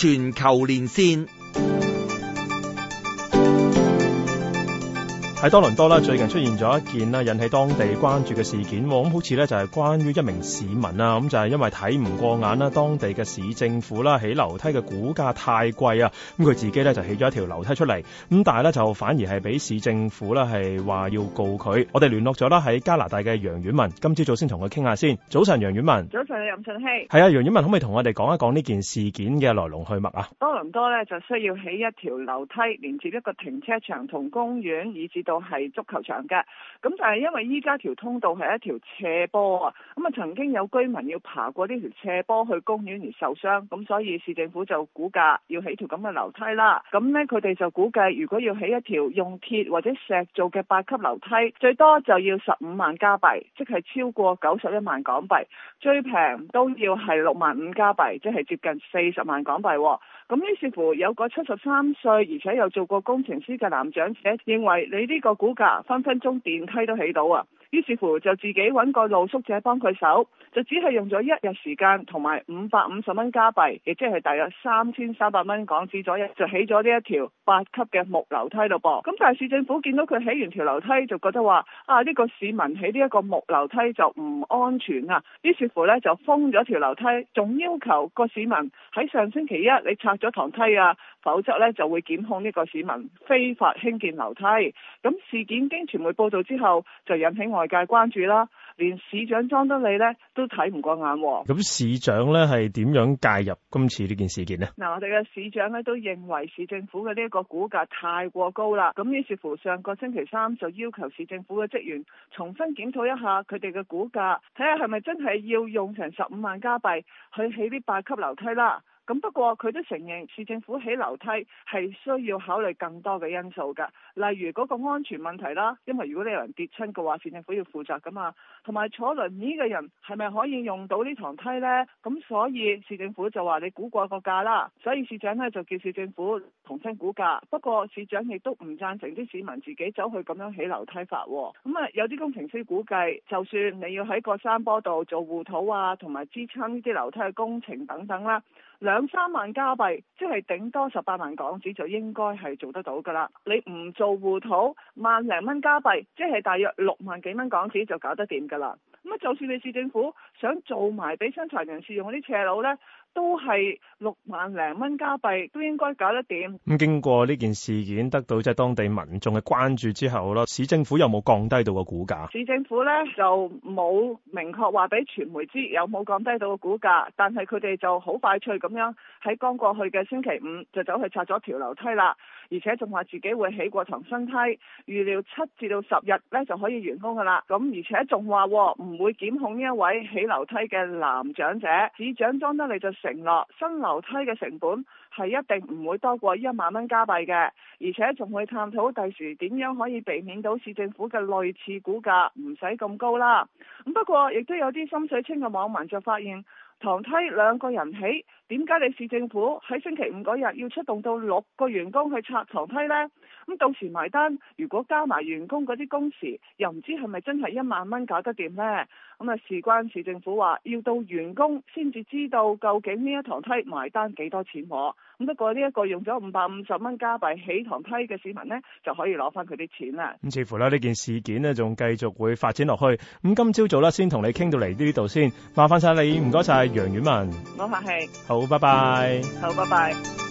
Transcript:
全球連線。喺多倫多啦，最近出現咗一件啦，引起當地關注嘅事件，咁好似咧就係關於一名市民啊。咁就係、是、因為睇唔過眼啦，當地嘅市政府啦起樓梯嘅估價太貴啊，咁佢自己咧就起咗一條樓梯出嚟，咁但係咧就反而係俾市政府咧係話要告佢。我哋聯絡咗啦喺加拿大嘅楊婉文，今朝早先同佢傾下先。早晨，楊婉文。早晨，任順熙。係啊，楊婉文，可唔可以同我哋講一講呢件事件嘅來龍去脈啊？多倫多咧就需要起一條樓梯連接一個停車場同公園，以至……就係足球場嘅，咁但係因為依家條通道係一條斜坡啊，咁啊曾經有居民要爬過呢條斜坡去公園而受傷，咁所以市政府就估價要起條咁嘅樓梯啦。咁呢，佢哋就估計，如果要起一條用鐵或者石做嘅八級樓梯，最多就要十五萬加幣，即係超過九十一萬港幣，最平都要係六萬五加幣，即係接近四十萬港幣。咁於是乎有個七十三歲而且又做過工程師嘅男長者認為你呢、這個？呢個估價分分鐘電梯都起到啊！於是乎就自己揾個露宿者幫佢手，就只係用咗一日時間同埋五百五十蚊加幣，亦即係大約三千三百蚊港紙左右，就起咗呢一條八級嘅木樓梯咯噃。咁但係市政府見到佢起完條樓梯，就覺得話啊呢個市民起呢一個木樓梯就唔安全啊。於是乎呢就封咗條樓梯，仲要求個市民喺上星期一你拆咗堂梯啊，否則呢就會檢控呢個市民非法興建樓梯。咁事件經傳媒報導之後，就引起我外界關注啦，連市長莊德利呢都睇唔過眼。咁市長呢係點樣介入今次呢件事件呢？嗱，我哋嘅市長呢都認為市政府嘅呢一個估價太過高啦。咁於是乎上個星期三就要求市政府嘅職員重新檢討一下佢哋嘅估價，睇下係咪真係要用成十五萬加幣去起啲八級樓梯啦。咁不過佢都承認，市政府起樓梯係需要考慮更多嘅因素㗎，例如嗰個安全問題啦，因為如果你有人跌親嘅話，市政府要負責㗎嘛。同埋坐輪椅嘅人係咪可以用到呢堂梯呢？咁所以市政府就話你估過個價啦，所以市長呢，就叫市政府重新估價。不過市長亦都唔贊成啲市民自己走去咁樣起樓梯法喎。咁啊，有啲工程師估計，就算你要喺個山坡度做護土啊，同埋支撐呢啲樓梯嘅工程等等啦、啊，咁三萬加幣，即係頂多十八萬港紙，就應該係做得到噶啦。你唔做戶土，萬零蚊加幣，即係大約六萬幾蚊港紙，就搞得掂噶啦。咁啊，就算你市政府想做埋俾傷殘人士用嗰啲斜路咧。都係六萬零蚊加幣，都應該搞得掂。咁經過呢件事件得到即係當地民眾嘅關注之後啦市政府有冇降低到個估價？市政府呢就冇明確話俾傳媒知有冇降低到個估價，但係佢哋就好快脆咁樣喺剛過去嘅星期五就走去拆咗條樓梯啦，而且仲話自己會起過重新梯，預料七至到十日呢就可以完工噶啦。咁而且仲話唔會檢控呢一位起樓梯嘅男長者，市長莊德利就。承諾新樓梯嘅成本係一定唔會多過一萬蚊加幣嘅，而且仲會探討第時點樣可以避免到市政府嘅類似估價唔使咁高啦。不過亦都有啲心水清嘅網民就發現。堂梯兩個人起，點解你市政府喺星期五嗰日要出動到六個員工去拆堂梯呢？咁到時埋單，如果加埋員工嗰啲工時，又唔知係咪真係一萬蚊搞得掂呢？咁啊，事關市政府話要到員工先至知道究竟呢一堂梯埋單幾多錢我。咁不過呢一個用咗五百五十蚊加幣起堂批樓梯嘅市民咧，就可以攞翻佢啲錢啦。咁似乎咧，呢件事件咧仲繼續會發展落去。咁今朝早咧，先同你傾到嚟呢度先，麻煩晒你，唔該晒，楊婉文。唔客氣、嗯。好，拜拜。好，拜拜。